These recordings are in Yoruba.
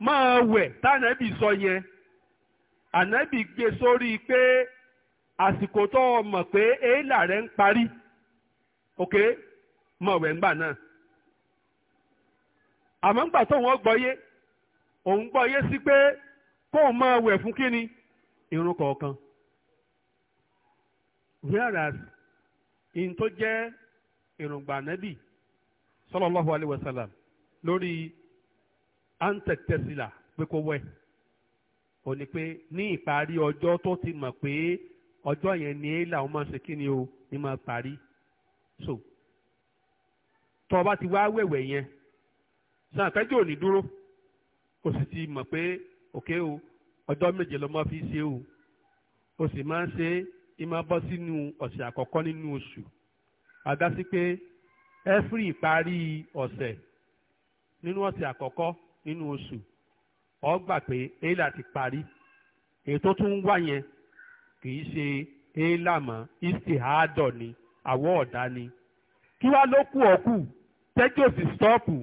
máa wẹ̀ tánàbì sọ yẹn ànábì gbé sórí pé àsìkò tó o mọ̀ pé èélà rẹ̀ ń parí ok mọ̀ wẹ̀ ńgbà náà àmọ́ ńgbà tó wọ́n gbọ́yé òun gbọ́yé sí pé kóun máa wẹ̀ fún kíni irun kọ̀ọ̀kan whereas in tó jẹ́ èròǹgbà ànábì sallallahu alaihi wasallam lórí antek tesla pé kó wẹ̀ ó ní pé ní ìparí ọjọ́ tó ti mọ̀ pé ọjọ́ yẹn ni éèlà ó máa ṣe kí ni o ní máa parí so tó o bá ti wá wẹ̀wẹ̀ yẹn san àpẹ́jọ́ ò ní dúró o sì ti mọ̀ pé òkè o ọjọ́ méje ló máa fi ṣe o o sì máa ń ṣe ìmọ̀ bọ́ sínú ọ̀sẹ̀ àkọ́kọ́ nínú oṣù àdásí pé ẹ́fírì ìparí ọ̀sẹ̀ nínú ọ̀sẹ̀ àkọ́kọ́ nínú oṣù ọ gbà pé éèlà ti parí èyí tó tún wá yẹn kì í ṣe éèlà mọ́ istihadọ ni àwọ̀ ọ̀dá ni kí wá ló kú ọ kù tẹ́jọ́ sì stọ́ọ̀pù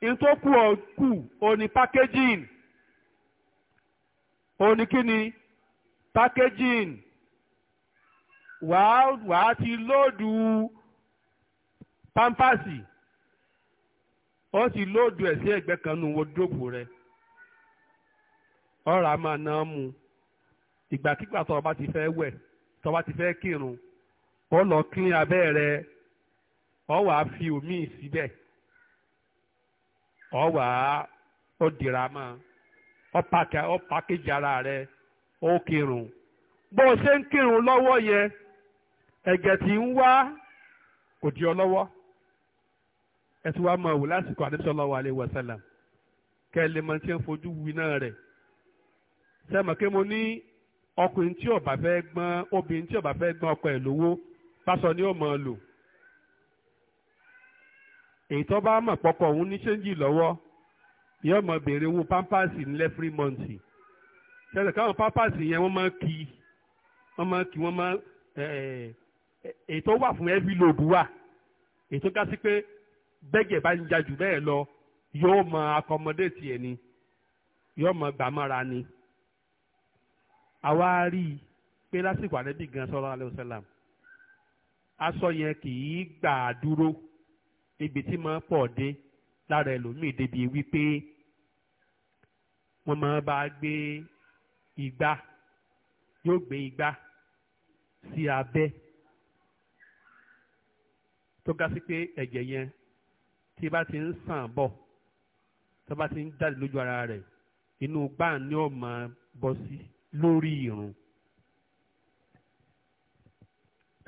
ní tó kú ọ kù òní packaging òní kí ni packaging wàá wàá ti lóòdù pampasi. ó sì lóòdù ẹ̀ sí ẹ̀gbẹ́ kan nu wọ́dúrópù rẹ̀ ọ̀rọ̀ a máa ná mu ti fẹ́ wẹ̀ tó ti fẹ́ kírun ó lọ kín abẹ́ rẹ ọ wà fi omi síbẹ̀ ọ wà á ó dìrà mọ́ ọ pàkà ọ pàkéjì ara rẹ ó kírun bó o ṣe ń kírun lọ́wọ́ ẹ̀gẹ̀ tí ń wá ẹ ti wá máa wò lásìkò ànábì sallallahu alaihi wasallam kẹ́ ẹ lè mọ tí ń fojú wi náà rẹ̀ sẹ́mọ̀ kí mo ní ọkùnrin tí ó bá fẹ́ gbọ́n obìnrin tí ó bá fẹ́ gbọ́n ọkọ ẹ̀ lówó pásọ ni ó máa lò èyí tó bá mọ̀ pọkọ̀ òun ní ṣéǹjì lọ́wọ́ yóò máa béèrè owó pampasì ńlẹ̀ free month ṣẹlẹ̀ káwọn pampasì yẹn wọ́n máa kí wọ́n máa kí wọ́n máa èyí tó wà fún ẹ́bí lòbù wà èyí tó ká sí pé bẹ́jẹ̀ bá ń jà jù bẹ́ẹ̀ lọ yóò mọ akọmọdéètì ẹ̀ ni yóò mọ gbàmọ́ra ni àwa rí i pé lásìkò ànábì gan sallallahu alaihi wasallam aṣọ yẹn kì í gbà á dúró ibi tí máa pọ̀ dé lára ẹlòmíì débi wípé wọ́n máa bá gbé igbá yóò gbé igbá sí abẹ́ tó ga sí pé ẹ̀jẹ̀ yẹn tí bá ti ń sàn bọ̀ tó bá ti ń jáde lójú ara rẹ̀ inú gbáà ni ó máa bọ́ sí lórí irun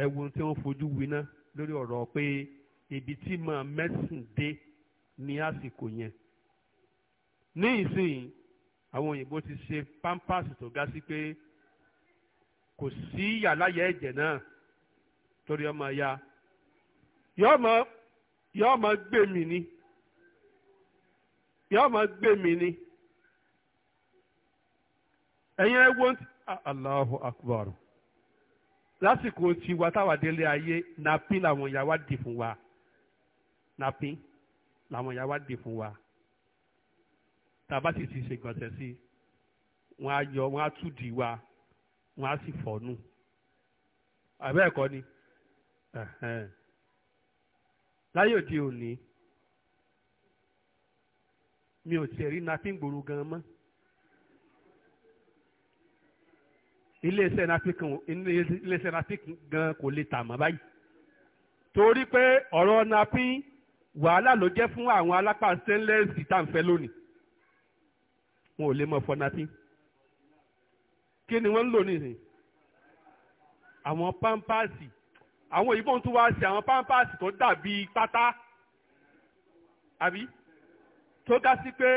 ẹ̀wù tí wọ́n fojú winá lórí ọ̀rọ̀ pé ibi tí màá mẹ́sìn dé ní àsìkò yẹn ní ìsìn àwọn òyìnbó ti ṣe pampers tó ga sí pé kò sí yàláyà ẹ̀jẹ̀ náà torí ọmọ ya yọ ọmọ yóò máa gbé mi ni yóò máa gbé mi ni ẹ̀yin ẹ wo Allahu Akbar lásìkò tiwa táwa délé ayé napin làwọn ìyá wa dì fún wa napin làwọn ìyá wa dì fún wa tàbá sì ti ṣègbọ̀nsẹ̀ sí wọn á yọ wọn á tú di wa wọn á sì fọ̀ nù àbẹ́ẹ̀kọ́ ni. Uh-huh láyé òde òní mi ò tiẹ̀ rí napin gbòòrò gan mọ́ iléeṣẹ́ napin gan kò lè tà mọ́ báyìí torí pé ọ̀rọ̀ napin wàhálà ló jẹ́ fún àwọn alápá stainless tá à ń fẹ́ lónìí wọn ò lè mọ fọ napin kí ni wọ́n ń lò nìyí àwọn pampasi àwọn òyìnbó ń tún wá sí àwọn pampers tó dàbí pátá àbí tó ga sí pé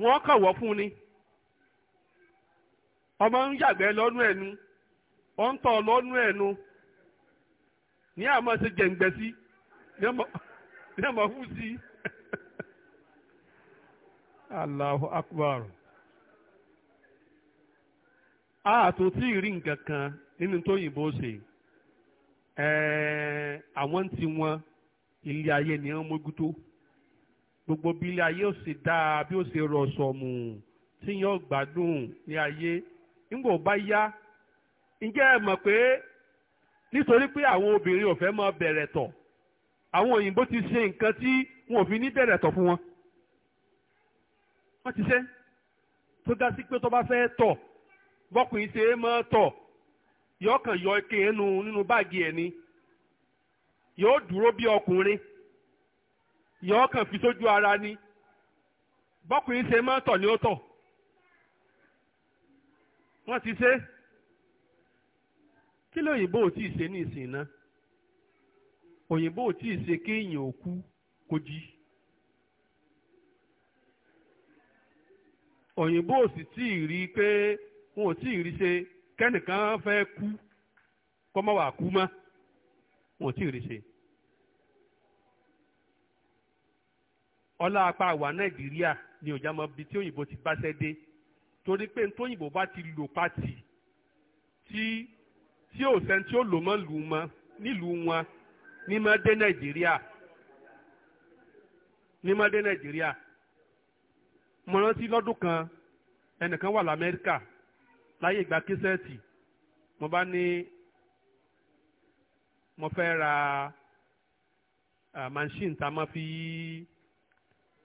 wọ́n kọ̀wọ́ fún ni ọmọ ń yàgbẹ́ lọ́nú ẹ̀nu ó ń tọ̀ lọ́nú ẹ̀nu ní àmọ́ ṣe jẹ̀ǹgbẹ́ sí ní àmọ́ fún sí. Allahu akbar a tún tí ì rí nǹkan kan nínú tóyìnbó ṣe àwọn ń ti wọn ilé ayé ni wọ́n mójútó gbogbo bí ilé ayé ò ṣe dáa bí ó ṣe rọ̀ sọ̀mù tí yóò gbádùn ní ayé nígbà ó bá yá ǹjẹ́ ẹ mọ̀ pé nítorí pé àwọn obìnrin ò fẹ́ mọ bẹ̀rẹ̀ tọ̀ àwọn òyìnbó ti ṣe nǹkan tí wọn ò fi ní bẹ̀rẹ̀ tọ̀ fún wọn wọ́n ti ṣe tó dá sí pé tó bá fẹ́ tọ̀ bọ́kùnrin ṣe é mọ́ tọ̀ yóò kàn yọ ike yẹn nínú báàgì ẹ̀ ni yóò dúró bí ọkùnrin yóò kàn fi sójú ara ni bọ́kùnrin ṣe máa ń tọ̀ ni ó tọ̀ wọ́n ti ṣe kí òyìnbó ò tí ì ṣe ní ìsìn náà òyìnbó ò tí ì ṣe kéèyàn òkú kú òyìnbó ò sì tí ì rí pé wọn ò tí ì rí ṣe kẹ́nìkan fẹ́ kú kọ́mọ́ wà kú mọ́ wọn ò tí ì rí ṣe. ọlá apá àwa nàìjíríà ni ọjà mọ ibi tí òyìnbó ti báṣẹ́ dé torí pé tóyìnbó bá ti lò pátì tí tí ò sẹ́ni tí ó lò mọ́ lù mọ́ nílùú wọn ní mọ́ dé nàìjíríà ní mọ́ dé nàìjíríà mo rántí lọ́dún kan ẹnìkan wà lamẹ́ríkà láyé ìgbà kíṣẹ́ẹ̀tì mo bá ní mo fẹ́ ra machine tá a máa fi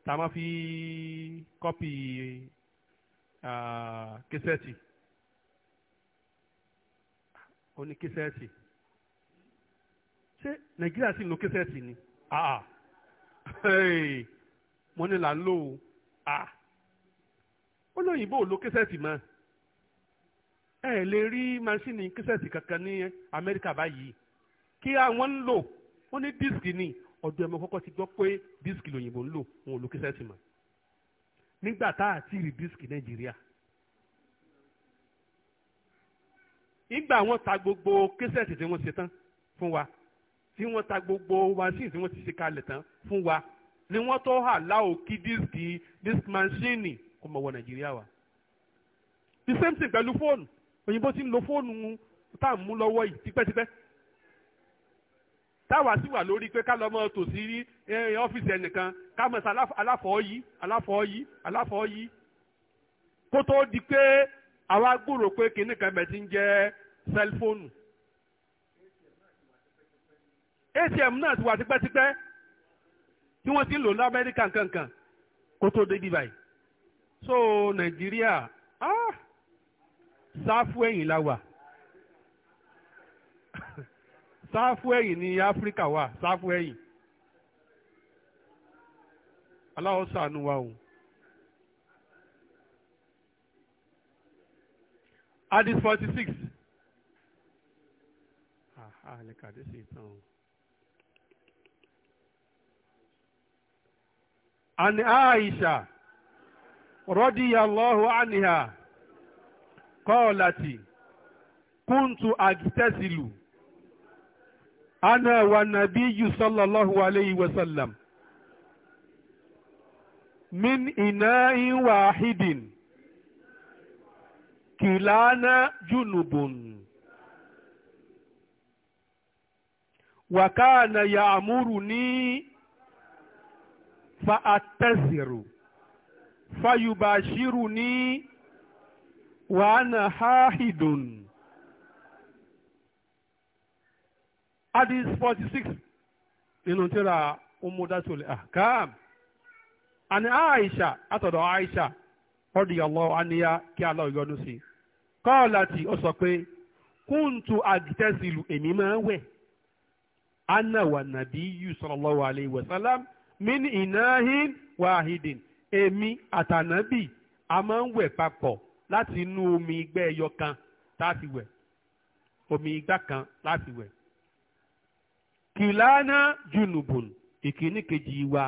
tá a máa fi kọ́pì kíṣẹ́ẹ̀tì ó ní kíṣẹ́ẹ̀tì ṣé nàìjíríà sì lo kíṣẹ́ẹ̀tì ni mo ní là ń lò ó ó lóyìnbó ò lo kíṣẹ́ẹ̀tì mọ́ ẹ lè rí masini kíṣẹ́ẹ̀tì kankan ní amẹ́ríkà báyìí kí àwọn ń lò wọ́n ní díìsì ni ọ̀dọ̀ ẹ̀mọ́ kọ́kọ́ ti gbọ́ pé díìsì lòyìnbó ń lò wọn ò lo kíṣẹ́ẹ̀tì mọ́ nígbà tá a ti rí díìsì nàìjíríà ìgbà wọn ta gbogbo kíṣẹ́ẹ̀tì tí wọ́n ṣe tán fún wa tí wọ́n ta gbogbo masini tí wọ́n ti ṣe kalẹ̀ tán fún wa ni wọ́n tó hà láò kí díìsì díìsì masini kó mọ̀ wọ nàìjíríà wa the same thing pẹ̀lú fóònù òyìnbó ti ń lo fóònù tá à ń mú lọ́wọ́ yìí tipẹ́tipẹ́ táwa sì wà lórí pé ká lọ mọ tòsí rí ọ́fíìsì ẹnìkan ká mọ̀ sí aláfọ̀ọ́yí aláfọ̀ọ́yí aláfọ̀ọ́yí kó tó di pé àwa gbúrò pé kinní kan bẹ̀ ti ń jẹ́ sẹ́lfóònù atm náà ti wà tipẹ́tipẹ́ tí wọ́n ti ń lò ní amẹ́ríkà kankan kó tó dé báyìí so nàìjíríà ah. sáfù ẹ̀yìn la wà sáfù ẹ̀yìn áfíríkà wà sáfù ẹ̀yìn aláwọ̀ sànù wa o. Adis forty six. Àhálẹ̀ kàdé sí ìtàn o. Aisha, rọ́díyà lọ́hùn àníhà. kọ́ọ̀làtì kúntù àgìtẹ́sìlù ana wa nabiyyu sallallahu alayhi wa sallam min ina'in wahidin kìlánà junubun wa kana ya'muruni fa attasiru fa وأنا حاحد hadith forty six nínú tírà umudatul ahkam àní aisha àtọ̀dọ̀ aisha radiyallahu anha kí Allah yọ́nú sí kọ́ọ̀láti ó sọ pé kúntù ilu emi ma ń wẹ̀ anna wa nabiyyu sallallahu alayhi wa sallam min inahin wahidin emi atanabi a ma ń wẹ̀ láti inú omi igbá ẹyọ kan láti wẹ̀ omi igbá kan láti wẹ̀ kìláná junubun ìkíní kejì wa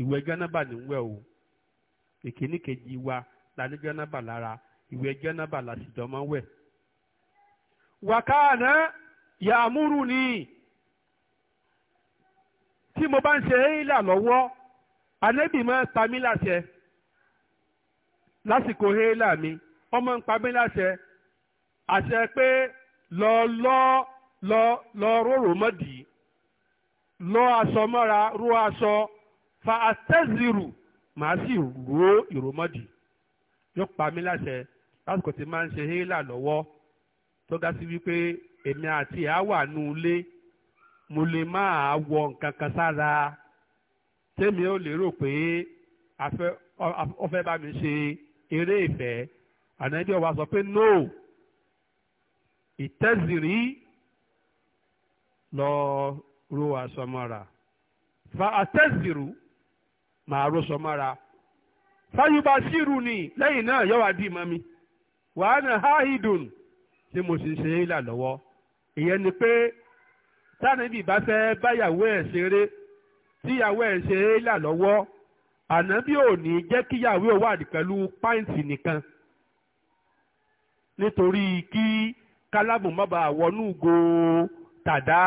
ìwẹ̀ jánábà ní wẹ̀ o ìkíní kejì wa lani jánábà lára ìwẹ̀ jánábà làṣìjọ́ máa wẹ̀ wàkàánà yàmúrù ni tí mo bá ń ṣe éèlà lọ́wọ́ anẹ́bì máa ń ta mí láṣẹ. lásìkò hélà mi ọmọ ń pa mí láṣẹ àṣẹ pé lọ lọ lọ lọ róró mọ́dì lọ aṣọ mọ́ra fa àtẹ́zìrù màá sì ró ìròmọ́dì yóò pa mí láṣẹ lásìkò tí máa ń ṣe hélà lọ́wọ́ tó ga sí wípé èmi àti ẹ̀ á wà mo lè máa wọ nǹkan kan sára tèmi ò lérò pé afẹ́ bá mi ṣe eré ìfẹ́ ànábì ọba sọ pé no ìtẹ́sìrí lọ ro aṣọ fa àtẹ́sìrú màá ro aṣọ mọ́ra fáyúbá sírù ni lẹ́yìn náà yọ wá dì mi wàá nà áhìdùn tí mo sì ṣe é là lọ́wọ́ ìyẹn ni pé tánàbì bá fẹ́ báyàwó ẹ̀ ṣeré tíyàwó ẹ̀ ṣe é là lọ́wọ́. ànábì ò ní jẹ́ kíyàwó wà pẹ̀lú pàǹtì nìkan nítorí kí kálámù má bàa wọnú go tàdá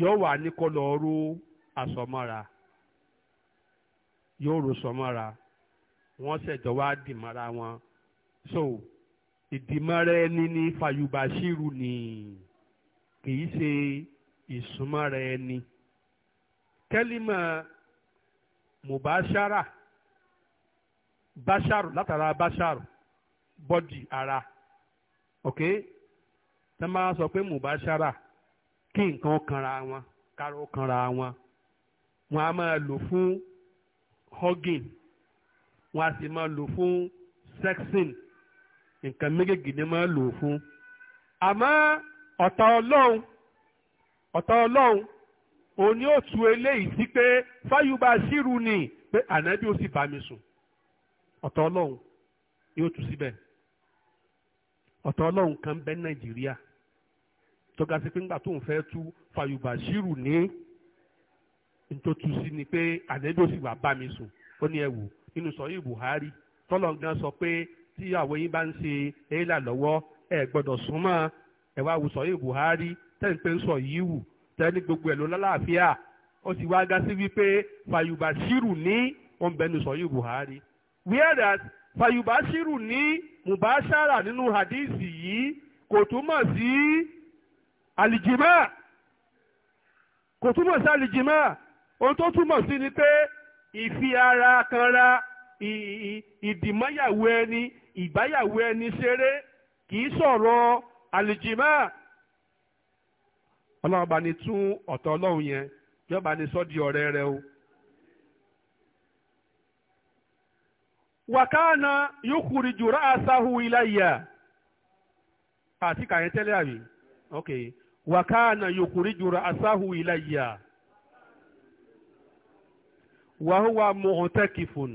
yóò wà ní kó lọ ró àsọmọ́ra yóò rò sọmọ́ra wọ́n ṣẹ̀jọ́ wá dìmọ́ra wọn so ìdìmọ́ra ẹni ní fàyùbáṣírù ni kì í ṣe ìsúnmọ́ra ẹni kẹ́límà mubashara basharu látara basharu bọ́dì ara ok tí wọ́n sọ pé mubashara kí nǹkan kanra wọn káró kanra wọn wọn a máa lò fún hugging wọn a sì máa lò fún sexing nǹkan méjèèjì ni máa lò fún àmọ́ ọ̀tá ọlọ́run ọ̀tá ọlọ́run òun ni ó tu eléyìí sí pé fáyúbà ṣírù ni pé ànábì ó sì bá mi sùn ọ̀tọ̀ ọlọ́run yóò tu síbẹ̀ ọ̀tọ̀ ọlọ́run kan bẹ́ nàìjíríà tó ga sí pé nígbà tó ń fẹ́ tu fáyúbà ṣírù ni tó tu sí ni pé ànábì ó sì wà bá mi sùn ó ní ẹ wò nínú sọ̀yìn Buhari tọ́lọ̀ gan sọ pé tí àwọn yín bá ń ṣe éèlà lọ́wọ́ ẹ gbọ́dọ̀ súnmọ́ ẹ wá wù sọ̀yìn Buhari tẹ́ ń ń sọ yìí wù kristẹni gbogbo ẹ̀ ló lálàáfíà ó sì wá ga sí wípé fàyùbà ṣírù ní òǹbẹ̀nu sọ̀yìn buhari whereas fàyùbà ṣírù ní mubashara nínú hadisi yìí kò túmọ̀ sí alijima kò túmọ̀ sí alijima ohun tó túmọ̀ sí ni pé ìfi ara kan ra ìdìmọ́yàwó ẹni ìbáyàwó ẹni ṣeré kì í sọ̀rọ̀ alijima. ọlọ́run bá ní tún ọ̀tọ̀ ọlọ́run yẹn yóò ní sọ́ di ọ̀rẹ́ rẹ o. wàkánà yókùrì jù ráàsáhù iláyà àti kàyẹn tẹ́lẹ̀ àbí ok wàkánà yókùrì jù ráàsáhù iláyà wàhùwà mọ̀ọ́tẹ́kìfùn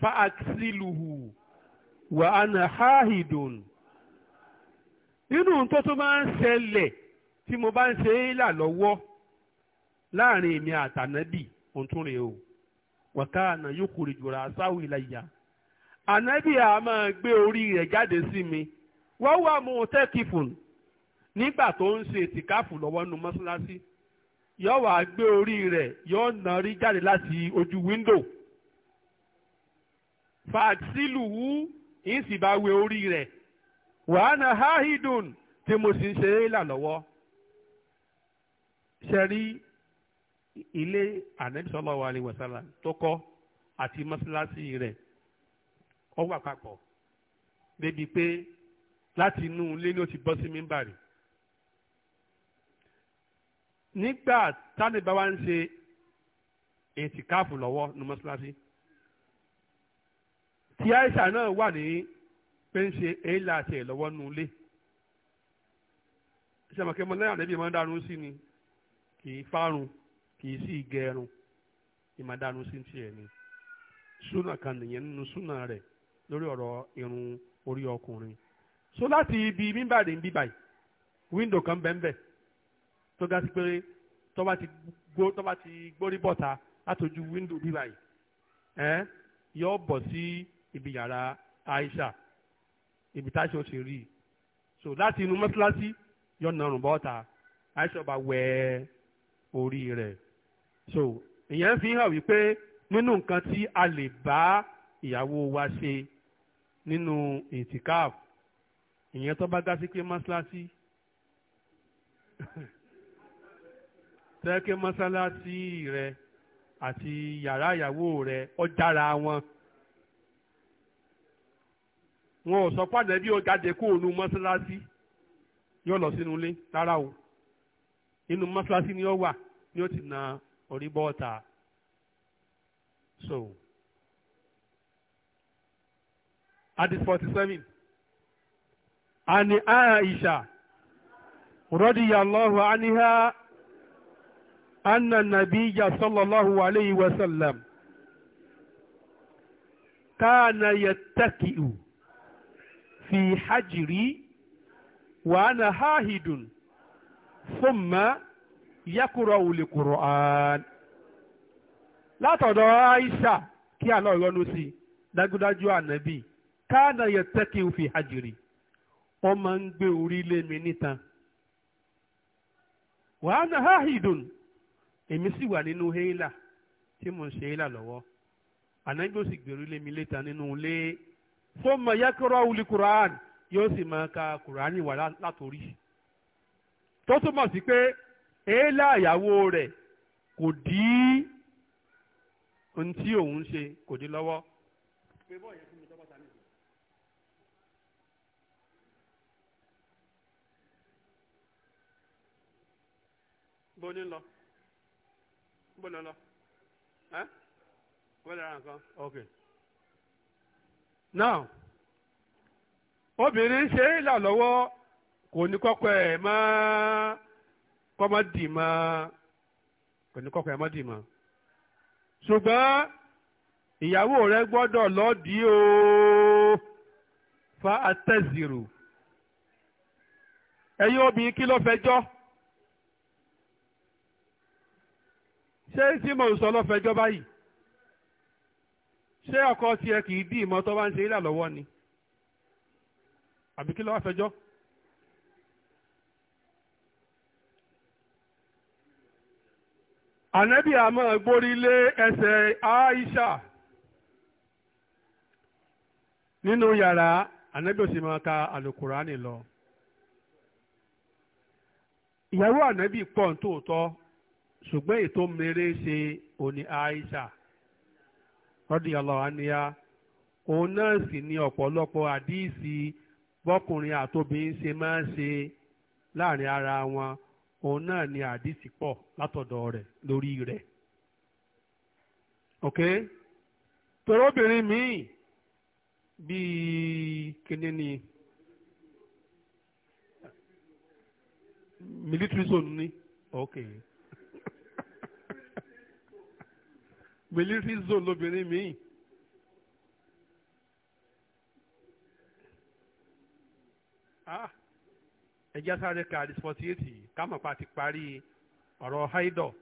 fa tí mo bá ń ṣe é là lọ́wọ́ láàrin èmi àtànábì ohun tún rèé o wàká àná yóò kórè jùlọ àsáwò ìlàyà ànábì a máa gbé orí rẹ̀ jáde sí mi wọ́n wà mú tẹ́kìfùn nígbà tó ń ṣe tìkáfù lọ́wọ́ nu mọ́ṣáláṣí yóò wá gbé orí rẹ̀ yóò nà rí jáde láti ojú wíńdò fàtílùú ìsìbáwé orí rẹ̀ wàhánà háhídùn tí mo sì ń ṣe é là lọ́wọ́ ṣẹ̀rí ilé ànábì sallallahu alaihi wasallam tó kọ́ àti mọ́ṣáláṣí rẹ̀ ó wà papọ̀ débi pé láti inú ilé ni ó ti bọ́ sí mímbàrì nígbà tani bá wá ń ṣe ètìkáàfù lọ́wọ́ ní mọ́ṣáláṣí tí Aisha náà wà ní pé ń ṣe èélà àti ẹ̀ lọ́wọ́ nulẹ̀ ṣe àmọ̀kẹ́ mọ́ ń dánú sí ni kì í fárun kì í sì gẹrun ìmàdánù sí tiẹ̀ ni súnà kan nìyẹn nínú súnà lori lórí ọ̀rọ̀ irun orí ọkùnrin so láti ibi mímbàdí ń bíbàyí wíńdò kan bẹ́ẹ̀ tó ga sí pé tọ́ba ti gbó tọ́ba ti gbórí bọ́ta látọjú wíńdò bíbàyí yọ bọ̀ sí ibi yàrá Aisha ibi táṣà ó ṣe rí so láti inú mọ́ṣáláṣí yọ nàrùn bọ́ta Aisha ọba wẹ́ẹ́. orí rẹ̀ so ìyẹn fi hàn wípé nínú nǹkan tí a lè bá ìyàwó wa ṣe nínú ìtìkáf ìyẹn tó bá dá sí pé mọ́ṣáláṣí tẹ́kẹ́ mọ́ṣáláṣí rẹ̀ àti yàrá ìyàwó rẹ̀ ó jára wọn wọn ò sọ pàdé bí ó jáde kó o nu mọ́ṣáláṣí yóò lọ sínú ilé rárá o inú mọ́ṣáláṣí ni ó wà ni ó ti na orí bọ́ọ̀ta so hadith forty seven ani aisha radiyallahu anha anna nabiyya sallallahu alayhi wa sallam kana yattaki'u fi hajri wa ana hahidun ثم يقرأ القرآن wuli aisha latọ Allah aisha sí dájúdájú ànábì káàdà yẹtẹ́kì fi hajiri wọ́n máa ń gbé orí lé mi níta wàá na hahidun èmi sì wà nínú heila tí mò ń ṣe heila lọ́wọ́ ànábì ó sì gbé orí lé tó túmọ̀ sí pé èélá ìyàwó rẹ̀ kò dí ohun tí òun ṣe kò dí lọ́wọ́. pé bọ́ọ̀ yẹn bó ní lọ bó lọ lọ ẹ wọ́n lè nǹkan ok now obìnrin ṣe é là lọ́wọ́ kò ní kọ́kọ́ ẹ̀ má kọ́mọ́ dì má kò ní kọ́kọ́ ẹ̀ má dì má. ṣùgbọ́n ìyàwó rẹ gbọ́dọ̀ lọ́ọ̀dì o fa àtẹ̀zìrò ẹ̀yin obìnrin kí ló fẹjọ́ ṣé tí mò ń sọ ló fẹjọ́ báyìí ṣé ọkọ tiẹ̀ kì í dì mọ́ tó bá ń ṣe ìlà lọ́wọ́ ni àbí kí ló wá fẹjọ́. anabi àmọ́ gbórí ese Aisha nínú yàrá ànábì òsì máa ka alukurani lọ ìyàwó anabi pọ̀ nítòótọ́ ṣùgbọ́n ètò mèrè ṣe òní Aisha radiyallahu anha òun náà sì ní ọ̀pọ̀lọpọ̀ àdíìsì bọ́kùnrin àtobìnrin ṣe máa ń ṣe láàrin ara wọn òun náà ni àdìsí pọ̀ látọ̀dọ̀ rẹ̀ lórí rẹ̀ ok tọrọ obìnrin míì bíi kíní ni military zone ni ok military zone lobìnrin míì. Ah ẹjẹ́ sáré ka àdìs forty eight yìí kámọ̀pá ti parí ọ̀rọ̀ haidọ̀.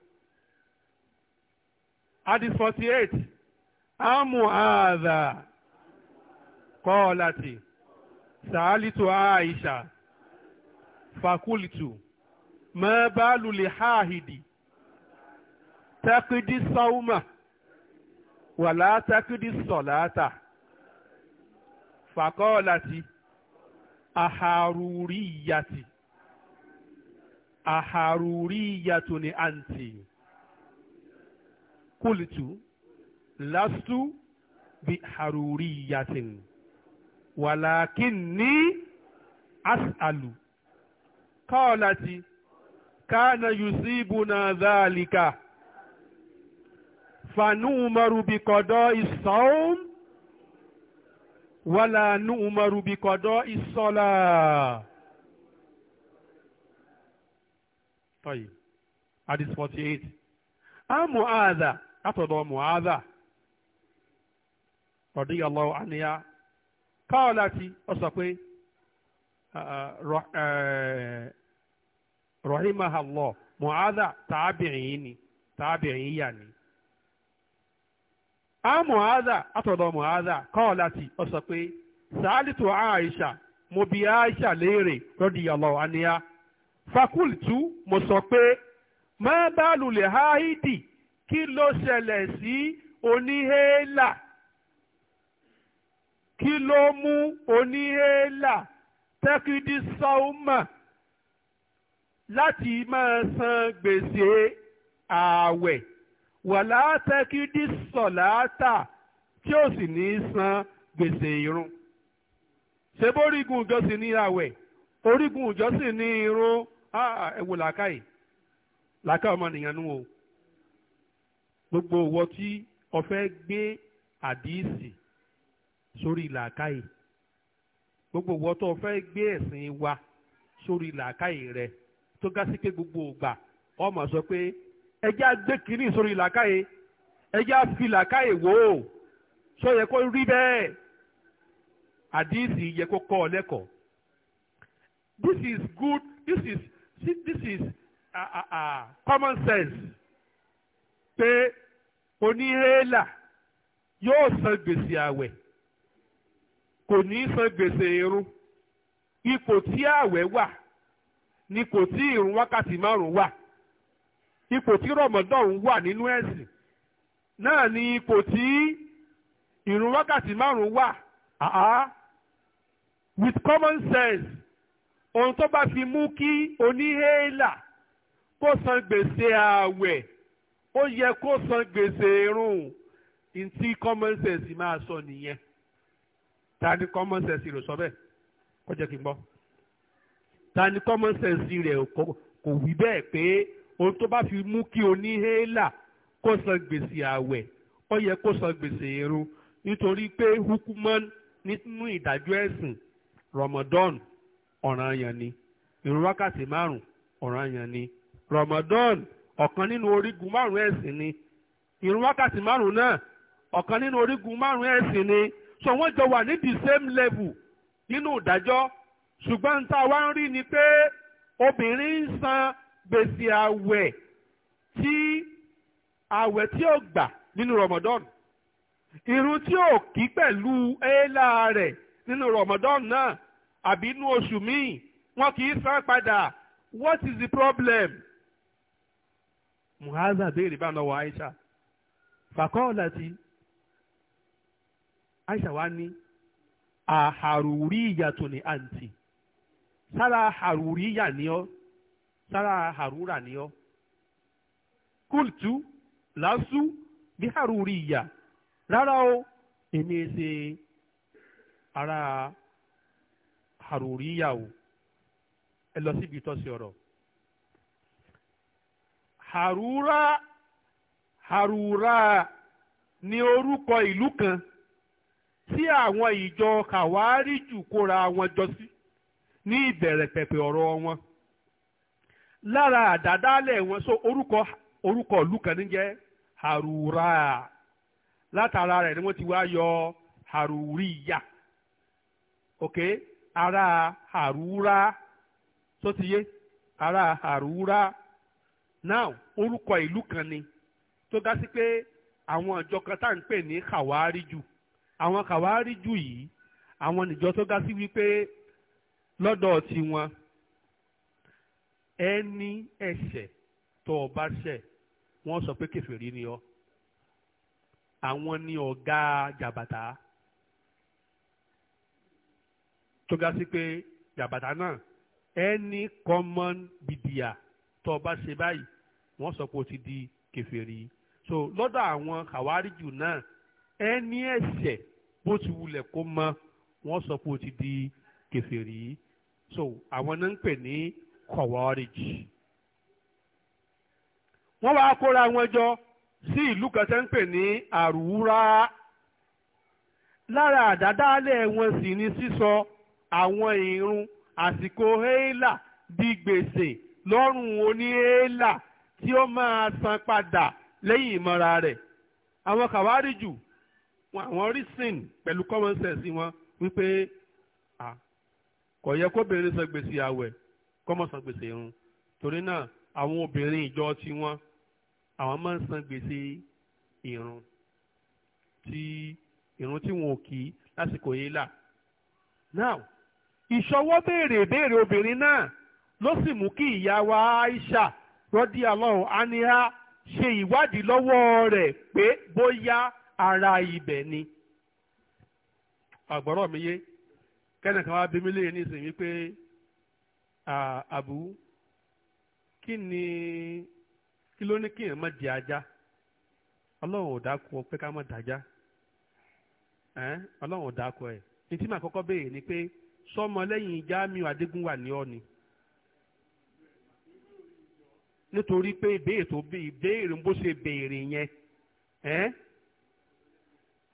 àdìs forty eight amu aza kọ́ọ̀láti sàálìtò aisha fakulitu mẹ́bàálùlẹ̀ háàhìdì takidi sauma wàlá takidi sọ̀láta fakọ́ọ̀láti aharuriyati aharuriyatu ni anti kultu lastu biharuriyatin walakinni as'alu qalati kana yusibuna dhalika fanumaru biqada'i sawm wàlà nu'maru bi qada'i sọ́lá. tọ́yì hadith 48, a Mu'adha látọ̀dọ̀ Mu'adha radiyallahu anha qalat ó sọ uh, uh, uh, Mu'adha tàbí ẹ̀yìn ni. a muhaza atọ̀dọ̀ muhaza kọ́ọ̀láti ó sọ pé sàálìtò aisha mo bi aisha léèrè radiyallahu anha fakultu mo sọ pé má bá lulẹ̀ háídì kí ló ṣẹlẹ̀ sí oníhélà kí ló mú oníhélà tẹ́kídí sọ́ọ́mà láti máa san gbèsè ààwẹ̀. wàlátẹ́kídí sọ̀láátà tí ó sì ní san gbèsè irun ṣe bórígun ìjọsìn ní àwẹ̀ orígun ìjọsìn ní irun ẹ̀wò làákàyè làákà ọmọnìyàn nù o gbogbo òwò tí gbé gbogbo òwò tó fẹ́ gbé ẹ̀sìn sórí làákàyè rẹ tó gásí pé gbogbo ògbà ọmọ sọ pé ẹjẹ́ àgbé kínní sórí làákàyè ẹjẹ́ àfi làákàyè wò ó sọ yẹ kó rí bẹ́ẹ̀ àdìsí yẹ kó kọ́ ọ lẹ́kọ̀ọ́ this is good this is see, this is uh, uh, uh, common sense pé oníhélà yóò san gbèsè àwẹ̀ kò ní san gbèsè irun ipò tí àwẹ̀ wà ni kò tí ìrun wákàtí márùn wà. Wa ipò tí rọ̀mọ́dọ̀n wà nínú ẹ̀sìn náà ni ipò tí ìrun wákàtí márùn wà àá with common sense ohun tó bá fi mú kí oníhélà kó san gbèsè ààwẹ̀ ó yẹ kó san gbèsè irun ntí common sense máa sọ nìyẹn ta ni common sense rẹ̀ sọ bẹ́ẹ̀ kó kí n gbọ́ ta ni common sense rẹ̀ kò wí bẹ́ẹ̀ pé ohun tó bá fi mú kí oníhélà kó san gbèsè àwẹ̀ ó yẹ kó san gbèsè irun nítorí pé hukuman nínú ìdájọ́ ẹ̀sìn Ramadan ọ̀ranyàn ni irun wákàtí márùn ọ̀ranyàn ni Ramadan ọ̀kan nínú orígun márùn ẹ̀sìn ni irun wákàtí márùn náà ọ̀kan nínú orígun márùn ẹ̀sìn ni so wọ́n jọ wà ní the same level nínú ìdájọ́ ṣùgbọ́n tá a wá ń rí ni pé obìnrin ń san gbèsè àwẹ̀ tí àwẹ̀ tí ó gbà nínú Ramadan irun tí ó kí pẹ̀lú éèlà rẹ̀ nínú Ramadan náà àbí inú oṣù míì wọn kì í san padà what is the problem? muhaza béèrè bá lọ́wọ́ Aisha fàkọ́ọ̀lá ti Aisha wa ní àhàrùrí ìyàtọ̀ ní àǹtí sára àhàrùrí ìyà ni ọ́ sára harura ni ọ kúltù lásù bí haruri ìyà rárá o èmi ṣe ara haruri ìyà o ẹ lọ síbi ìtọ́sí ọ̀rọ̀ harura harura ni orúkọ ìlú kan tí àwọn ìjọ kàwáríjù kóra wọn jọ sí ní ìbẹ̀rẹ̀ pẹ̀pẹ̀ ọ̀rọ̀ wọn lára àdádálẹ̀ wọn so orúkọ orúkọ lukani kan ní harura látara rẹ̀ ni wọ́n ti wá yọ haruriya ok ara harura so ti yé ara harura now orúkọ ìlú kan ni tó dá sí pé àwọn ìjọ kan tá à ń pè ní kàwáríjù àwọn kàwáríjù yìí àwọn ìjọ tó dá sí wípé lọ́dọ̀ tiwọn ẹni ẹ̀ṣẹ̀ tó o bá ṣẹ̀ wọ́n sọ pé kèfèrí ni ọ́ àwọn ni ọ̀gá jàbàtà tó ga sí pé jàbàtà náà ẹni common bidia tó o bá ṣe báyìí wọ́n sọ pé o ti di kèfèrí so lọ́dọ̀ àwọn kàwáríjù náà ẹni ẹ̀ṣẹ̀ bó ti wulẹ̀ kó mọ wọ́n sọ pé o ti di kèfèrí so àwọn náà ń pè ní kọ̀wọ́rìjì wọ́n wá kóra wọn jọ sí ìlú kan tẹ́ ń pè ní àrúwúrá lára àdádálẹ̀ wọn sì ni sísọ àwọn ìrun àsìkò héélà di gbèsè lọ́rùn oníhéélà tí ó máa san padà lẹ́yìn ìmọ̀ra rẹ̀ àwọn kàwárìjù àwọn rísìn pẹ̀lú common sense wọn wípé kò yẹ kóbìnrin san gbèsè àwẹ̀ kọ́mọ̀ san gbèsè irun torí náà àwọn obìnrin ìjọ tiwọn àwọn máa ń san gbèsè irun tí irun tí wọn ò kí lásìkò yìí là now ìṣọwọ́ béèrè béèrè obìnrin náà ló sì mú kí ìyá wa Aisha rọ́dí alọ́run aniha ṣe ìwádìí lọ́wọ́ rẹ̀ pé bóyá ara ibẹ̀ ni àgbọ̀rọ̀ mi yé kẹ́nìkan wá bí mi léyìn nísìnyí pé àbú kí ni kí ló ní kéèyàn má jẹ ajá ọlọ́run ò dákọ pé ká má dájá ọlọ́run ò dákọ ẹ̀ ní tí màá kọ́kọ́ béèrè ni pé sọmọ lẹ́yìn Jamiu Adégúnwà ní ọ nítorí pé ìbéèrè tó bí ìbéèrè bó ṣe béèrè yẹn ẹ́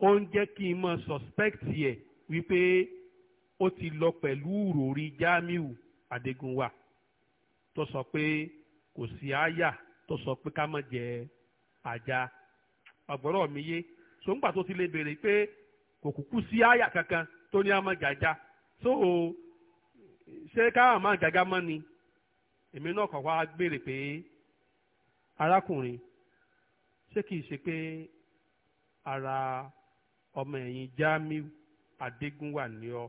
ó ń jẹ́ kí n mọ̀ suspect yẹ wípé ó ti lọ pẹ̀lú ìròrí Jamiu. adégúnwà tó sọ pé kò sí àyà tó sọ pé ká ma jẹ àjà ọgbọrọ mi yé so ńgbà tó ti lè béèrè pé kò kúkú sí àyà kankan tó ní àmọ́ jàjà so ṣé káwọn máa jàjà mọ́ ni èmi náà kàn wá béèrè pé arákùnrin ṣé í ṣe pé ara ọmọ ẹ̀yìn Jamiu Adégúnwà ni ọ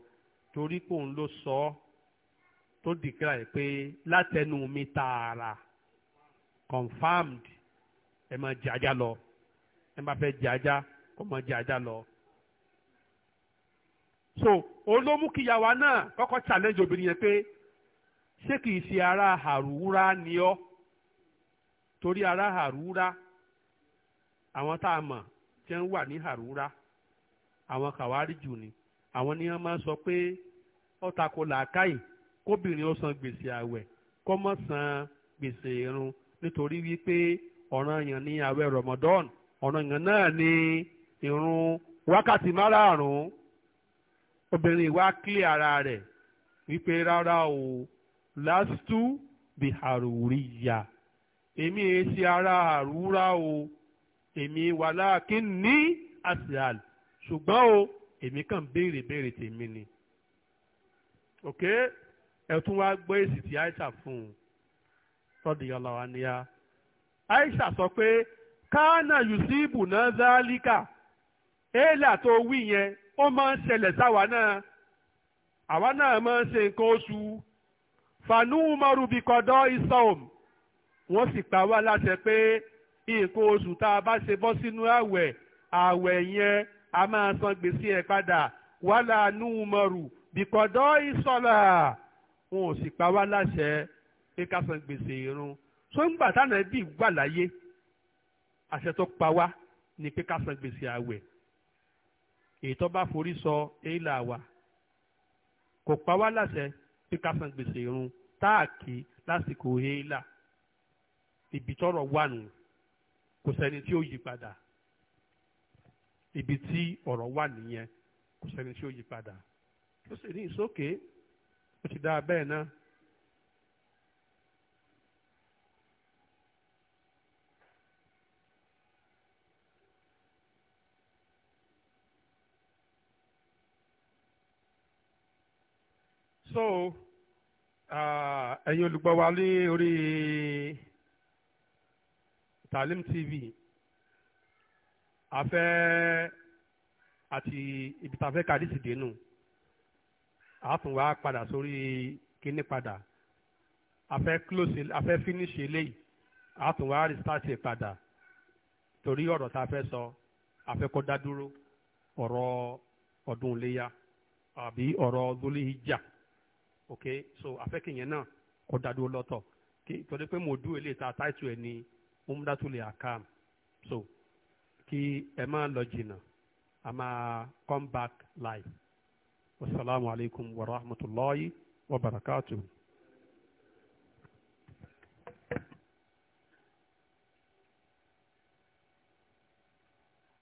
torí pòun ló sọ ọ́ tó dìkìrà yìí pé látẹnu mi tààrà confirmed ẹ máa jẹ ajá lọ ẹ máa fẹ́ jẹ ajá kó máa jẹ lọ. so olómú kìyàwó náà kọ́kọ́ challenge obìnrin yẹn pé ṣé kìí ṣe ara àrùwúrá ni ọ́ torí ara àrùwúrá àwọn tá a mọ̀ tí wọ́n wà ní àrùwúrá àwọn kàwárí jù ni àwọn ni wọ́n máa sọ pé ó làákàyè kóbìnrin ó san gbèsè àwẹ̀ kó má san gbèsè irun nítorí wípé ọ̀ranyàn ní àwẹ̀ Ramadan ọ̀ranyàn náà ní irun wákàtí márààrún obìnrin wa kílẹ̀ ara rẹ̀ wípé rárá o lásìtú bí àrùrí yá èmi è e ṣe ara àrúra o èmi wà láàkí ní àṣìàl ṣùgbọ́n o èmi kàn béèrè béèrè tèmi ni. Okay? ẹ wa wá gbọ́ èsì tí Aisha fún un tọ́dí ọlọ́wà ni a. Aisha sọ pé káánà yusufu náà zálíkà èèlà tó wí yẹn ó máa ń ṣẹlẹ̀ sáwa náà àwa náà máa ń ṣe nǹkan oṣù fanumaru bikọdọ isom wọ́n sì pa wá láṣẹ pé nǹkan oṣù tá a bá ṣe bọ́ sínú àwẹ̀ àwẹ̀ yẹn a máa san gbèsè ẹ̀ padà wàhálà numaru bikọdọ isola wọn ò sì pa wá láṣẹ pé ká san gbèsè irun sóńgbà tánàbí wà láyé àṣẹ tó pa wá ni pé ká san gbèsè àwẹ̀ èyí tó bá forí sọ èyí là wà kò pa wá láṣẹ pé ká san gbèsè irun táàkì lásìkò èyí là ibi tọ́rọ̀ wà nù kò sẹ́ni tí ó yí padà ibi tí ọ̀rọ̀ wà nìyẹn kò sẹ́ni tí ó yí padà ó sì ní it's ó ti dáa bẹ́ẹ̀ náà. so ẹ̀yin olùgbọ́ wa lé orí Talim TV afẹ́ àti ibi tàfẹ́ kàdísì dénú àtún wá padà sórí kíní padà afẹ́ close afẹ́ finish eléyìí àtún wá restart e padà torí ọ̀rọ̀ tá a fẹ́ sọ afẹ́ kó dá dúró ọ̀rọ̀ ọdún iléyà àbí ọ̀rọ̀ lólihìjà ok so afẹ́ kìyẹn náà kó dá dúró lọ́tọ̀ torí pé mo dú eléyìí tá a táìtù ẹ̀ ní umdatuli akam so kí ẹ máa lọ jìnnà a máa come back live wasalaamualeykum wa rahmatulahi wa barakatuhu.